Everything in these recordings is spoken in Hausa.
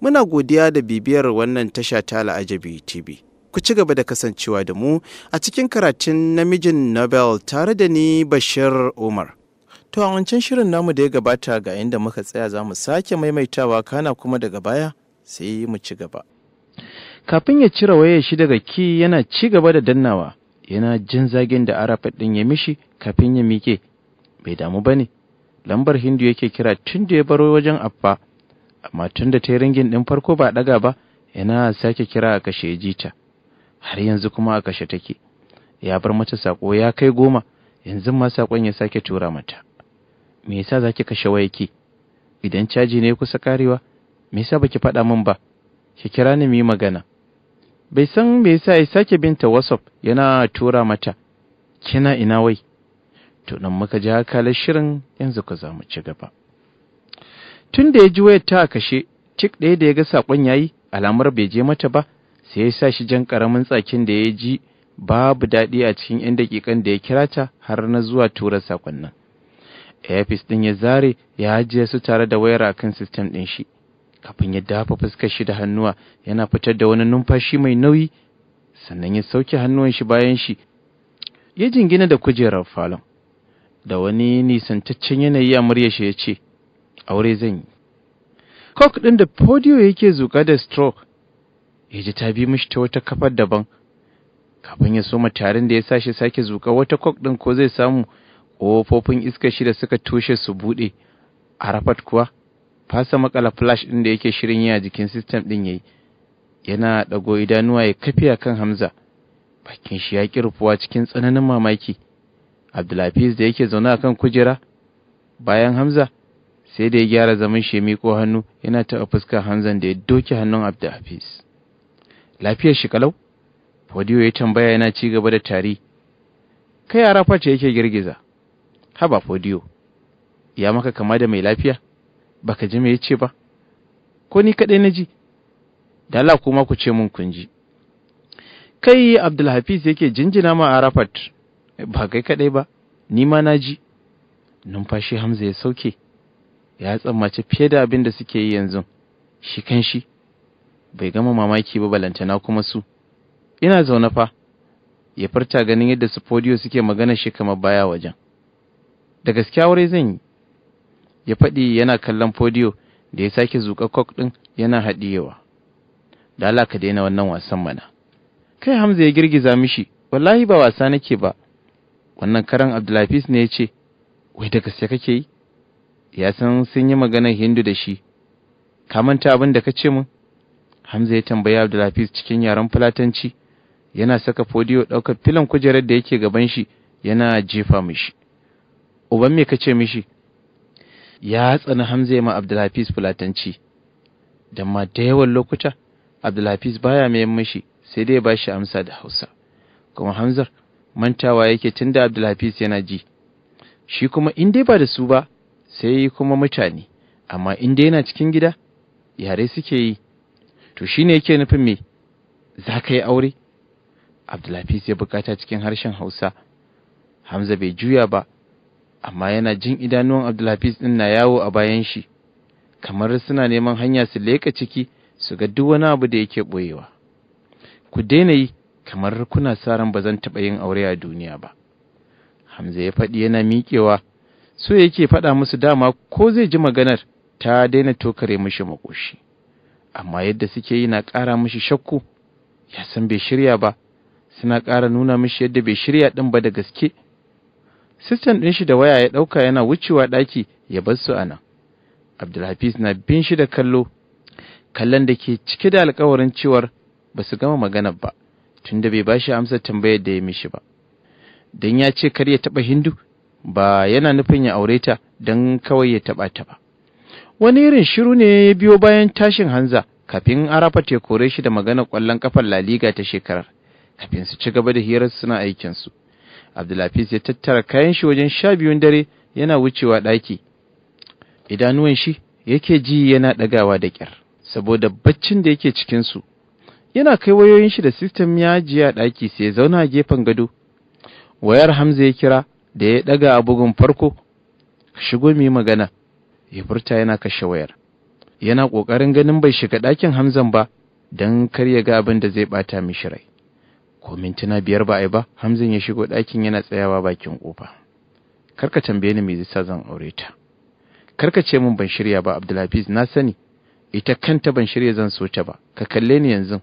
Muna godiya da bibiyar wannan tasha ta Al'ajabi TV. Ku ci gaba da kasancewa da mu a cikin karatun namijin Nobel tare da ni Bashir Umar. To a wancan shirin namu da ya gabata ga inda muka tsaya za mu sake maimaitawa kana kuma daga baya sai mu ci gaba. Kafin ya cire wayar shi daga ki yana ci gaba da dannawa, yana jin zagin da Arafat ɗin ya mishi kafin ya mike. Bai damu ba ne, lambar Hindu yake kira tun da ya baro wajen affa amma tun da ta yi ringin ɗin farko ba ɗaga ba ina sake kira a kashe jita har yanzu kuma a kashe take ya bar mata saƙo ya kai goma yanzu ma saƙon ya sake tura mata me yasa zaki kashe wayaki idan caji ne kusa karewa me yasa baki faɗa min ba ki kira ni mu magana bai san me yasa ya sake binta WhatsApp yana tura mata kina ina wai to nan muka ji hakalar shirin yanzu ka za mu ci gaba tun da ya ji wayar ta kashe cik ɗaya da ya ga saƙon yayi alamar bai je mata ba sai ya sa shi jan ƙaramin tsakin da ya ji babu daɗi a cikin 'yan daƙiƙan da ya kira ta har na zuwa tura saƙon nan efis ɗin ya zare ya ajiye su tare da wayar a kan sistem ɗin shi kafin ya dafa fuskar shi da hannuwa yana fitar da wani numfashi mai nauyi sannan ya sauke hannuwan shi bayan shi ya jingina da kujerar falon da wani nisantaccen yanayi a muryar shi ya ce aure zan yi Kok ɗin da podio yake zuƙa da stroke ya ji ta bi mishi ta wata kafar daban kafin ya soma tarin da ya sa shi sake zuƙa wata kok ɗin ko zai samu ƙofofin iska shi da suka toshe su buɗe arafat kuwa fasa makala flash ɗin da yake shirin yi a jikin sistem ɗin ya yi, yana ɗago idanuwa ya a kan hamza bakin shi ya rufuwa cikin tsananin mamaki abdulhafiz da yake zaune a kan kujera bayan hamza sai da ya gyara zaman shemi ko hannu yana taɓa fuskar hanzan da ya doke hannun hafiz lafiyar shi kalau fodiyo ya tambaya yana ci gaba da tari kai yara face yake girgiza haba fodiyo ya maka kama da mai lafiya baka ji me ya ce ba ko ni kaɗai na ji da Allah kuma ku ce mun kun ji kai abdulhafiz yake jinjina ma arafat ba kai kaɗai ba ni ma na ji numfashi hamza ya sauke ya tsammaci fiye da abin da suke yi yanzu shi kan shi bai gama mamaki ba balantana kuma su ina zaune fa ya farta ganin yadda su podiyo suke magana shi kamar baya wajen da gaskiya wuri zan yi ya faɗi yana kallon podiyo da ya sake zuƙa kok ɗin yana haɗiyewa da Allah ka daina wannan wasan mana kai Hamza ya girgiza mishi wallahi ba wasa nake ba wannan karan abdulhafis ne ya ce wai da gaske kake yi ya san sun yi maganar hindu da shi ka manta abin da ka ce mun hamza ya tambayi abdulhafiz cikin yaren fulatanci yana saka fodiyo ɗaukar filin kujerar da yake gaban shi yana jefa mishi uban me ka ce mishi ya tsani hamza ya ma abdulhafiz fulatanci da ma da yawan lokuta abdulhafiz baya mayan mishi sai dai ba shi amsa da hausa kuma hamzar mantawa yake tun da abdulhafiz yana ji shi kuma in dai ba da su ba sai yi kuma mutane amma in dai yana cikin gida yare suke yi to shine yake nufin me za ka yi aure abdulhafiz ya bukata cikin harshen hausa hamza bai juya ba amma yana jin idanuwan abdulhafiz din na yawo a bayan shi kamar suna neman hanya su leka ciki su ga duk wani abu da yake ɓoyewa. ku daina yi kamar kuna sa ran ba zan taɓa yin aure a duniya ba hamza ya faɗi yana miƙewa so yake faɗa musu dama ko zai ji maganar ta daina tokare mishi makoshi amma yadda suke yi na ƙara mishi shakku ya san bai shirya ba suna ƙara nuna mishi yadda bai shirya ɗin ba da gaske sistan ɗin shi da waya ya ɗauka yana wucewa ɗaki ya bar su a nan abdulhafiz na bin shi da kallo kallon da ke cike da alkawarin cewar ba su gama magana ba tunda bai bashi amsar tambayar da ya mishi ba don ya ce kar ya taɓa hindu ba yana nufin ya aure ta don kawai ya taɓa ta ba wani irin shiru ne ya biyo bayan tashin hanza kafin arafata ya kore shi da magana ƙwallon kafar laliga ta shekarar kafin su ci gaba da hirar suna aikinsu abdulafiz ya tattara kayan shi wajen sha biyun dare yana wucewa ɗaki idanuwan shi yake ji yana ɗagawa da ƙyar saboda baccin da yake cikinsu yana kai wayoyin shi da sistem ya a ɗaki sai ya zauna a gefen gado wayar hamza ya kira da ya daga a bugun farko shigo mu yi magana ya furta yana kashe wayar yana kokarin ganin bai shiga ɗakin Hamzan ba dan kar ya ga abin da zai ɓata mishi rai ko mintuna biyar ba ai ba Hamzan ya shigo ɗakin yana tsayawa bakin kofa karka tambaye ni me sa zan aure ta Kar ka ce min ban shirya ba Abdulhafiz na sani ita kanta ban shirya zan so ta ba ka kalle ni yanzu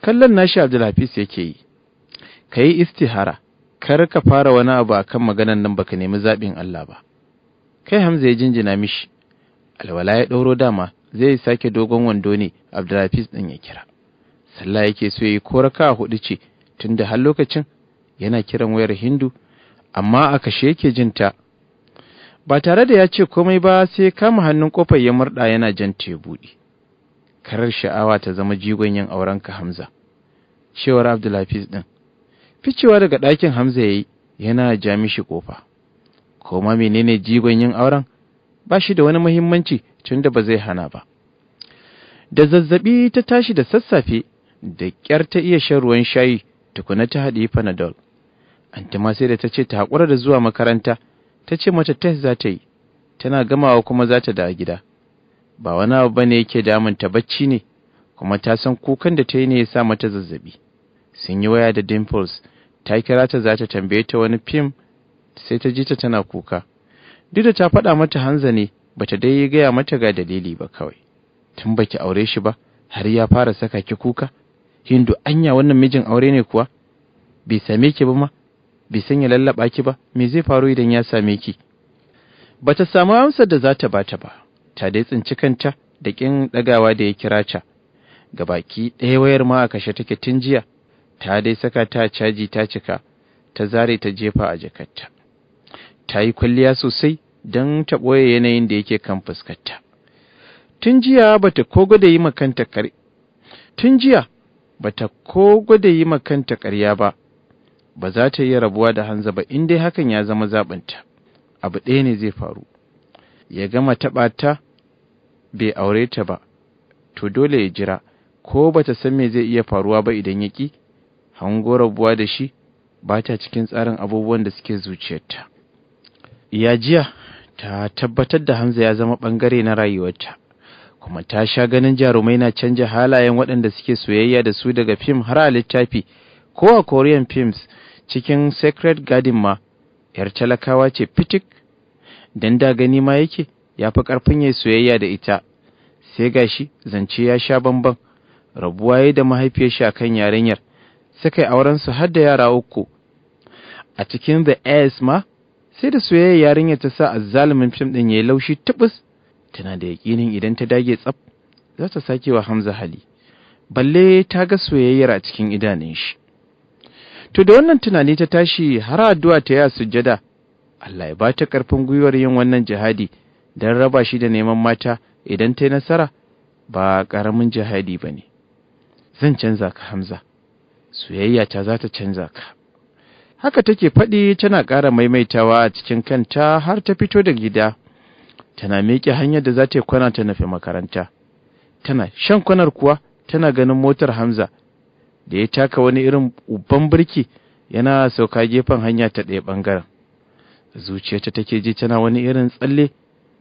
kallon nashi Abdulhafiz yake yi kayi istihara kar ka fara wani abu a kan maganan nan baka nemi zaɓin Allah ba kai Hamza ya jinjina mishi alwala ya ɗauro dama zai sake dogon wando ne Abdulrafis ɗin ya kira sallah yake so ya yi koraka a huɗu ce tunda har lokacin yana kiran wayar Hindu amma a kashe yake jin ta ba tare da ya ce komai ba sai kama hannun kofar ya murɗa yana jan ta buɗe karar sha'awa ta zama jigon yin aurenka Hamza cewar Abdulrafis ɗin ficewa daga ɗakin hamza ya yi yana ja mishi ƙofa koma menene jigon yin auren ba shi da wani muhimmanci tun da ba zai hana ba da zazzaɓi ta tashi da sassafe da ƙyar ta iya shan ruwan shayi tukuna ta haɗi panadol antima sai da ta ce ta haƙura da zuwa makaranta ta ce mata test za ta yi tana gamawa kuma za ta dawo gida ba wani abu bane yake ta bacci ne kuma ta san kukan da ta yi ne ya sa mata zazzabi sun yi waya da dimples ta kira ta za ta tambaye ta wani fim sai ta ji ta tana kuka duk da ta faɗa mata hanza ne bata dai gaya mata ga dalili ba kawai tun baki aure shi ba har ya fara saka ki kuka hindu anya wannan mijin aure ne kuwa bai same ki ba ma bai sanya lallaba ki ba me zai faru idan ya same ki bata samu amsar da za ta bata ba ta dai tsinci kanta da kin dagawa da ya kira ta gabaki ɗaya wayar ma a kashe take tun jiya ta dai saka ta caji ta cika ta zare ta jefa a jakarta ta yi kwalliya sosai don ta ɓoye yanayin da yake kan fuskarta tun jiya bata ko gwada yi makanta kare tun jiya ta ko gwada yi makanta ƙarya ba ba za ta yi rabuwa da hanza ba in dai hakan ya zama zaɓinta abu ɗaya ne zai faru ya gama taɓa ta bai aure ta ba to dole ya jira ko ba ta san me zai iya faruwa ba idan ya ƙi hango rabuwa da shi ba ta cikin tsarin abubuwan da suke zuciyarta ya jiya ta tabbatar da hamza ya zama bangare na rayuwarta kuma ta sha ganin jarumai na canja halayen waɗanda suke soyayya da su daga fim har a littafi ko a korean films cikin sacred garden ma yar talakawa ce fitik Don da gani ma yake ya fi ƙarfin ya soyayya da ita sai gashi zance ya sha bamban rabuwa ya da mahaifiyar shi akan yarinyar suka yi auren su har da yara uku a cikin the airs ma sai da soyayya yarinya ta sa azzalumin fim din yayi laushi tubus tana da yakinin idan ta dage tsaf za ta sake wa Hamza hali balle ta ga soyayyar a cikin idanun shi to da wannan tunani ta tashi har addu'a ta ya sujjada Allah ya ba ta karfin gwiwar yin wannan jihadi don raba shi da neman mata idan ta yi nasara ba ƙaramin jihadi ba ne zan canza ka hamza soyayya ta za ta canza ka haka take faɗi tana ƙara maimaitawa a cikin kanta har ta fito da gida tana miƙe hanyar da za ta yi kwana ta nufi makaranta tana shan kwanar kuwa tana ganin motar hamza da ya taka wani irin uban birki yana sauka gefen hanya ta ɗaya ɓangaren zuciyarta take ji tana wani irin tsalle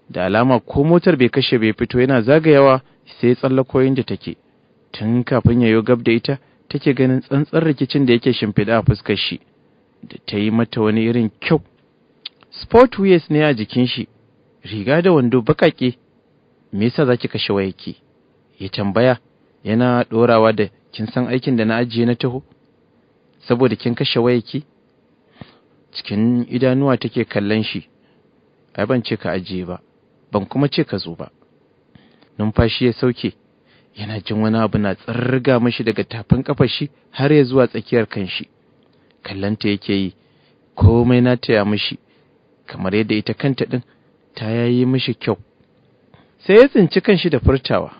da alama ko motar bai kashe bai fito yana zagayawa sai tsallakoyin da take tun kafin ya yo gab da ita take ganin tsantsar rikicin da yake shimfida a fuskar shi da ta yi mata wani irin kyau sport wears ne a jikin shi riga da wando bakake me yasa zaki kashe wayake ya tambaya yana ɗorawa da kin san aikin da na ajiye na taho saboda kin kashe wayaki. cikin idanuwa take kallon shi ai ban ce ka ajiye ba ban kuma ce ka zo ba numfashi ya sauke yana jin wani abu na tsirga mashi daga tafin kafar shi har ya zuwa tsakiyar kanshi kallanta yake yi komai na taya mashi kamar yadda ita kanta din ta yayi mashi kyau sai ya tsinci kanshi da furtawa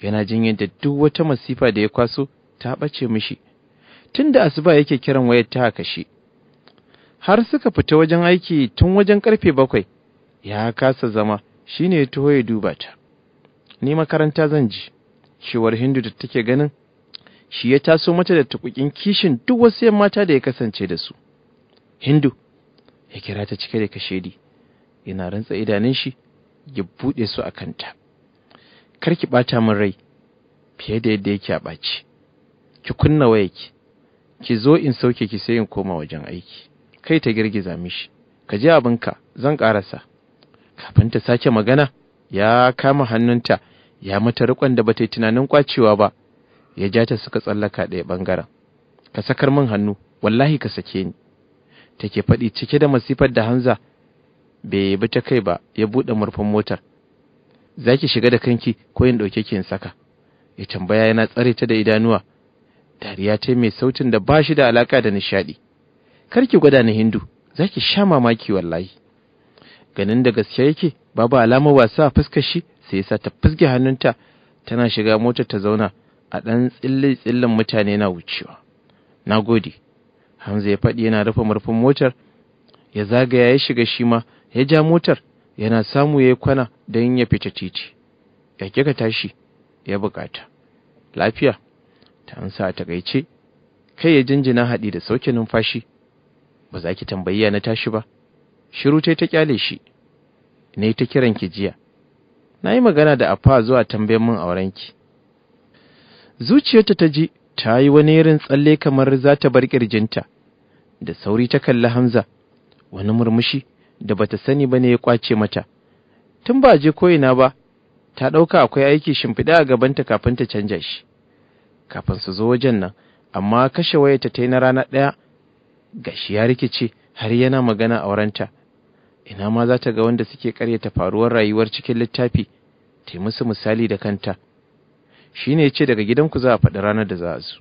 yana jin yadda duk wata masifa da ya kwaso ta bace mishi tunda asuba yake kiran wayar ta kashe har suka fita wajen aiki tun wajen karfe bakwai ya kasa zama shine ya taho ya duba ta ni makaranta zan ji cewar hindu da take ganin shi ya taso mata da tukukin kishin duk wasu yan mata da ya kasance da su hindu ya kira ta cike da kashedi yana rantsa idanun shi ya buɗe su a kanta kar ki ɓata min rai fiye da yadda yake a ɓaci ki kunna wayarki ki zo in sauke ki sai in koma wajen aiki kai ta girgiza mishi ka ji abinka zan ƙarasa kafin ta sake magana ya kama hannunta ya mata rikon da bata yi tunanin kwacewa ba ya ja ta suka tsallaka ɗaya ɓangaren ka sakar min hannu wallahi ka sake ni take faɗi cike da masifar da hanza. bai bi ta kai ba ya buɗe murfin motar Za ki shiga da kanki ko in ɗauke ki in saka ya tambaya yana tsare ta da idanuwa dariya ta mai sautin da ba shi da alaƙa da nishaɗi kar ki gwada na hindu Za ki sha mamaki wallahi ganin da gaskiya yake babu alamar wasa a fuskar shi sai ya sa ta fizge hannunta tana shiga motar ta zauna a ɗan tsille-tsillen mutane na wucewa na gode hamza ya faɗi yana rufe murfin motar ya zagaya ya shiga shi ma ya ja motar yana samu ya yi kwana don ya fita titi ya kika tashi ya buƙata. lafiya ta ansa a takaice kai ya jinjina haɗi da sauke numfashi ba za ki tambayi na tashi ba shiru ta ta ƙyale shi ne ta kiran ki jiya na yi magana da afa zuwa tambayen min aurenki zuciyarta ta ji ta yi wani irin tsalle kamar za ta bar kirjinta da sauri ta kalli hamza wani murmushi da bata sani ba ne ya kwace mata tun ba je ko'ina ba ta ɗauka akwai aiki shimfiɗa a gabanta kafin ta canja shi kafin su zo wajen nan amma kashe wayarta ta yi na rana ɗaya gashi ya rikice har yana magana aurenta ina ma za ta ga wanda suke karyata faruwar rayuwar cikin littafi ta musu misali da kanta shi ne ce daga gidanku za a faɗi ranar da za a zo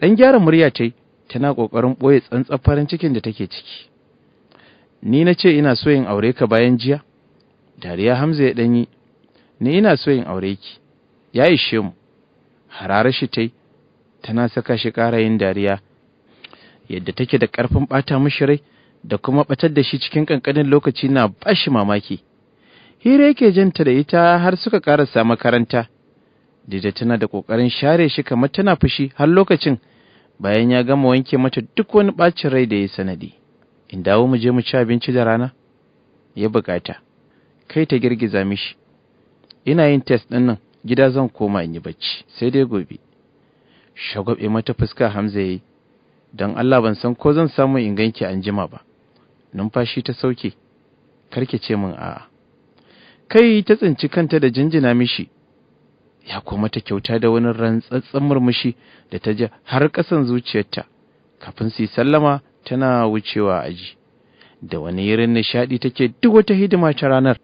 ɗan gyara murya ta tana ƙoƙarin ɓoye tsantsan farin cikin da take ciki ni na ce ina so in aure ka bayan jiya dariya hamza ya ɗanyi ni ina so in aure ki ya ishe mu hararar shi ta tana saka shi ƙara yin dariya yadda take da ƙarfin ɓata mishi rai da kuma batar da shi cikin kankanin lokaci na bashi mamaki hira yake janta da ita har suka sa makaranta dida tana da ƙoƙarin share shi kamar tana fushi har lokacin bayan ya gama wanke mata duk wani ɓacin rai da ya sanadi in dawo mu je mu ci abinci da rana ya bukata kai ta girgiza mishi ina yin test ɗin nan gida zan koma in yi bacci sai dai gobe shagwabe mata fuska hamza ya yi. don Allah ban san ko zan samu in ganki an jima ba numfashi ta sauke karke ce min a'a kai ta tsinci kanta da jinjina mishi ya kuma ta kyauta da wani rantsatsan murmushi da ta ji har ƙasan zuciyarta kafin su yi sallama tana wucewa aji da wani irin nishaɗi take duk wata hidima ta ranar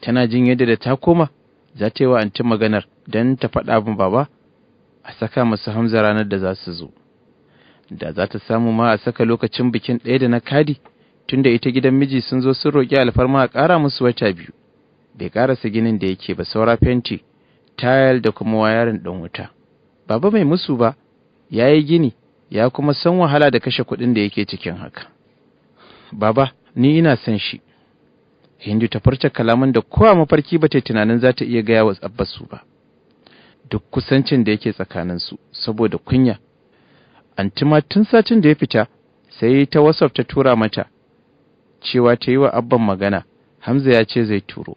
tana jin yadda da ta koma za ta yi wa anti maganar don ta faɗa min baba a saka masu hamza ranar da za su zo da za ta samu ma a saka lokacin bikin ɗaya da na kadi tun da ita gidan miji sun zo sun roƙi alfarma a ƙara musu wata biyu bai ƙarasa ginin da yake ba saura fenti tayal da kuma wayarin ɗan wuta baba mai musu ba ya yi gini ya kuma san wahala da kashe kuɗin da yake cikin haka baba ni ina san shi hindu ta furta kalaman da kowa mafarki ba ta tunanin za ta iya gaya wa tsabbasu ba duk kusancin da yake tsakaninsu saboda kunya antima tun satin da ya fita sai ta wasaf ta tura mata cewa ta yi wa abban magana hamza ya ce zai turo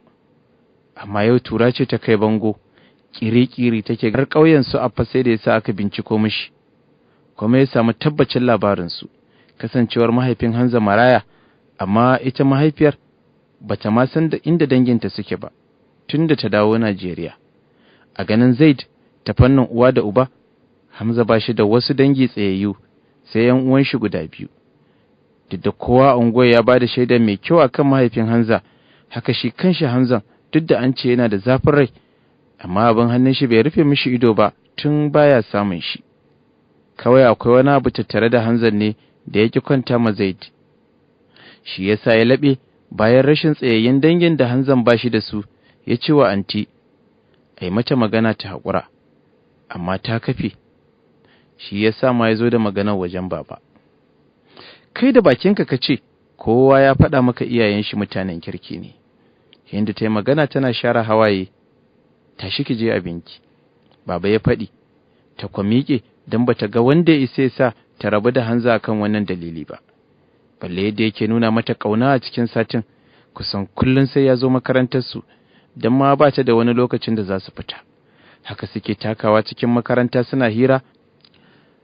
amma yau tura ce ta kai bango kiri-kiri take gar ƙauyen su a sai da ya sa aka binciko mishi kuma ya samu tabbacin labarinsu kasancewar mahaifin hanza maraya amma ita mahaifiyar bata ma san inda danginta suke ba tun da ta dawo najeriya a ganin zaid ta fannin uwa da uba hamza ba shi da wasu dangi tsayayyu sai yan uwan shi guda biyu duk da kowa unguwar ya ba da shaida mai kyau a kan mahaifin hanza haka shi kanshi hanzan duk da an ce yana da zafin rai amma abin hannun shi bai rufe mishi ido ba tun baya samun shi kawai akwai wani abu tattare da hanzan ne da ya ki kwanta ma zaid shi yasa ya laɓe bayan rashin tsayayyen dangin da hanzan ba shi da su ya ce wa anti ai mata magana ta haƙura amma ta kafe shi yasa ma ya zo da magana wajen baba kai da bakinka ka ce kowa ya faɗa maka iyayen shi mutanen kirki ne hindu ta yi magana tana share hawaye tashi ki je abinki baba ya faɗi ta kwamiƙe don ba ta ga wanda ya isa sa ta rabu da hanza kan wannan dalili ba balle yadda yake nuna mata ƙauna a cikin satin kusan kullum sai ya zo makarantarsu don ma ba ta da wani lokacin da za su fita haka suke takawa cikin makaranta suna hira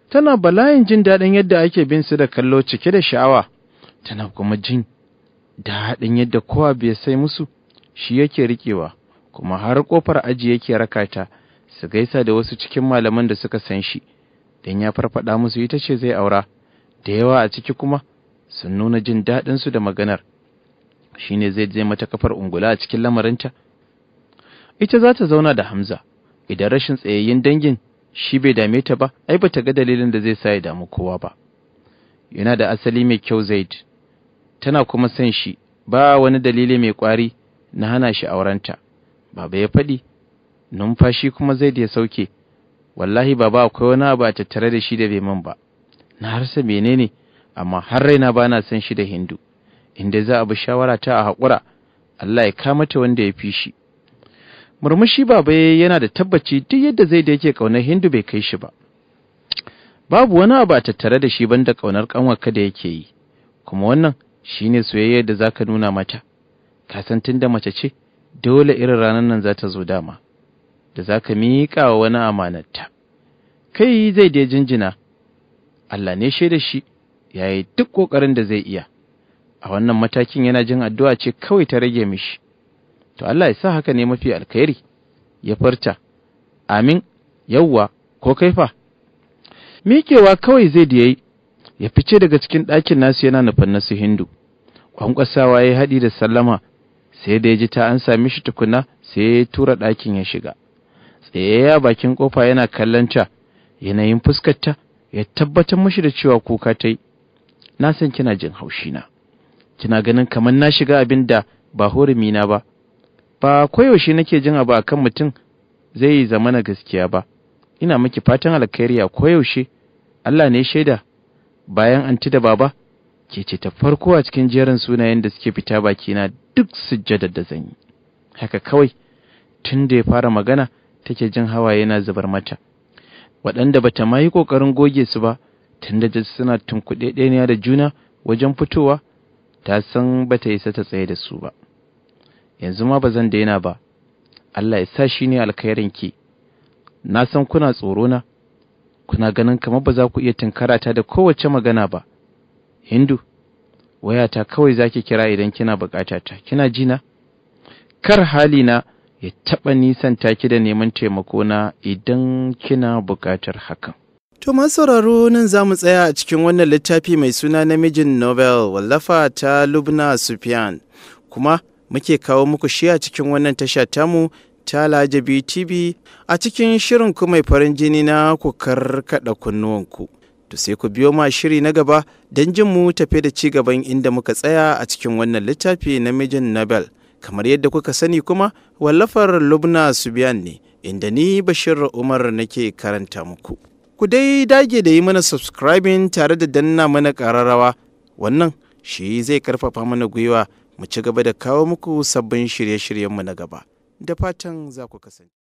tana bala'in jin daɗin yadda ake bin su da kallo cike da sha'awa tana kuma jin daɗin yadda kowa bai sai musu shi yake riƙewa kuma har ƙofar aji yake rakata su gaisa da wasu cikin malaman da suka san shi don ya farfaɗa musu ita ce zai aura da yawa a ciki kuma sun nuna jin daɗinsu da maganar shi ne zai je mata kafar ungula a cikin lamarinta ita za ta zauna da hamza idan rashin tsayayyen dangin shi bai dame ta ba ai ba ta ga dalilin da zai sa ya damu kowa ba yana da asali mai kyau zaid tana kuma son shi ba wani dalili mai kwari na hana shi aurenta baba ya faɗi numfashi kuma zaid ya sauke wallahi baba akwai wani abu a tattare da shi da bai man ba na harsa menene amma har raina bana son shi da hindu inda za a bi shawara ta a haƙura Allah ya kama ta wanda ya fi shi murmushi baba yana da tabbaci duk yadda zai da yake kaunar hindu bai kai shi ba babu wani abu a tattare da shi banda kaunar kanwarka da yake yi kuma wannan shine soyayyar da zaka nuna mata ka san tunda mace ce dole irin ranar nan za ta zo dama da zaka miƙa wa wani amanarta kai zai da jinjina Allah ne shaida shi yayi duk kokarin da zai iya a wannan matakin yana jin addu'a ce kawai ta rage mishi to Allah ya sa haka ne mafi alkhairi ya farta amin yawwa ko kaifa mikewa kawai zai da yayi ya fice daga cikin ɗakin nasu yana nufin nasu hindu kwankwasawa ya haɗi da sallama sai da ya ji ta an sami shi tukuna sai ya tura ɗakin ya shiga ya bakin kofa yana kallon ta yanayin fuskarta ya tabbatar mashi da cewa kuka ta yi na san kina jin haushi na kina ganin kamar na shiga abin da ba hurumi na ba ba koyaushe nake jin abu kan mutum zai yi zama na gaskiya ba ina maki fatan alkhairi a koyaushe Allah ne shaida bayan anti da baba ke ce ta farko a cikin jerin sunayen da suke fita bakina duk sujjadar da zan yi haka kawai tun da ya fara magana take jin hawaye na zubar mata waɗanda bata ma yi ƙoƙarin goge su ba tun da suna tunkuɗe ɗaya da juna wajen fitowa ta san bata isa ta tsaye da su ba yanzu ma ba zan daina ba Allah ya sa shi ne alkhairinki na san kuna tsoro na kuna ganin kamar ba za ku iya ta da kowace magana ba hindu wayata kawai zaki kira idan kina bukata ta kina ji na kar hali na ya taɓa nisan ki da neman taimako na idan kina buƙatar hakan. To ma sauraro nan za mu tsaya a cikin wannan littafi mai suna namijin Nobel wallafa ta Lubna Sufyan kuma muke kawo muku shi a cikin wannan tasha tamu ta Lajabi TV a cikin shirin ku mai farin jini na ku karkada kunnuwanku. To sai ku biyo ma shiri na gaba don jin mu tafe da ci gaban inda muka tsaya a cikin wannan littafi na mijin Nobel. Kamar yadda kuka sani kuma wallafar Lubna Subiyan ne inda ni Bashir Umar nake karanta muku. Ku dai dage da yi mana subscribing tare da danna mana ƙararrawa. Wannan shi zai karfafa mana gwiwa mu ci gaba da kawo muku sabbin shirye-shiryenmu na gaba da fatan za ku kasance